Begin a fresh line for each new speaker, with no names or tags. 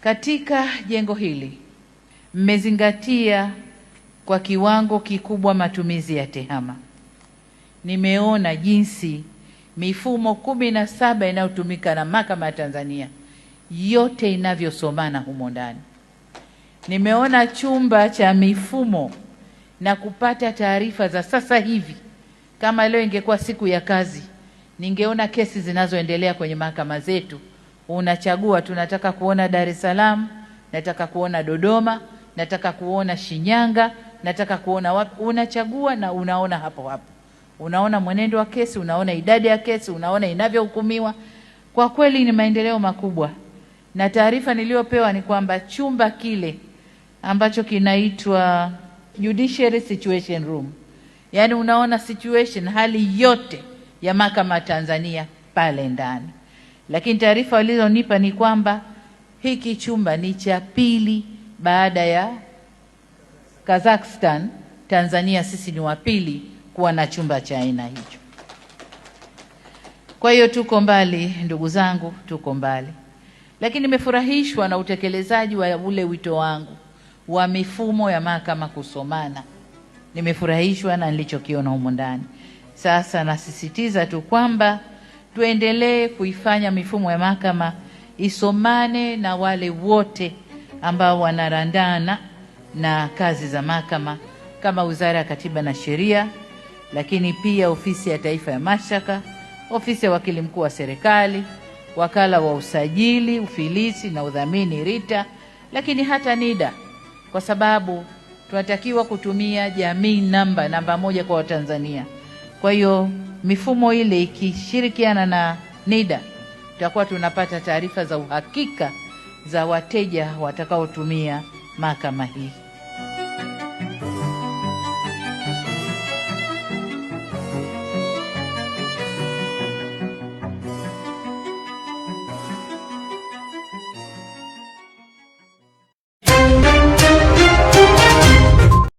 Katika jengo hili mmezingatia kwa kiwango kikubwa matumizi ya TEHAMA. Nimeona jinsi mifumo kumi na saba inayotumika na mahakama ya Tanzania yote inavyosomana humo ndani. Nimeona chumba cha mifumo na kupata taarifa za sasa hivi. Kama leo ingekuwa siku ya kazi, ningeona kesi zinazoendelea kwenye mahakama zetu unachagua tu, nataka kuona Dar es Salaam, nataka kuona Dodoma, nataka kuona Shinyanga, nataka kuona wapi. Unachagua na unaona hapo hapo, unaona mwenendo wa kesi, unaona idadi ya kesi, unaona inavyohukumiwa. Kwa kweli ni maendeleo makubwa, na taarifa niliyopewa ni kwamba chumba kile ambacho kinaitwa Judiciary Situation Room, yaani unaona situation, hali yote ya mahakama Tanzania pale ndani lakini taarifa walizonipa ni kwamba hiki chumba ni cha pili baada ya Kazakhstan. Tanzania sisi ni wa pili kuwa na chumba cha aina hicho. Kwa hiyo tuko mbali, ndugu zangu, tuko mbali, lakini nimefurahishwa na utekelezaji wa ule wito wangu wa mifumo ya mahakama kusomana. Nimefurahishwa na nilichokiona humo ndani. Sasa nasisitiza tu kwamba tuendelee kuifanya mifumo ya mahakama isomane na wale wote ambao wanarandana na kazi za mahakama kama Wizara ya Katiba na Sheria, lakini pia Ofisi ya Taifa ya Mashtaka, Ofisi ya Wakili Mkuu wa Serikali, Wakala wa Usajili, Ufilisi na Udhamini RITA, lakini hata NIDA, kwa sababu tunatakiwa kutumia jamii namba namba moja kwa Watanzania. Kwa hiyo mifumo ile ikishirikiana na NIDA tutakuwa tunapata taarifa za uhakika za wateja watakaotumia mahakama hii.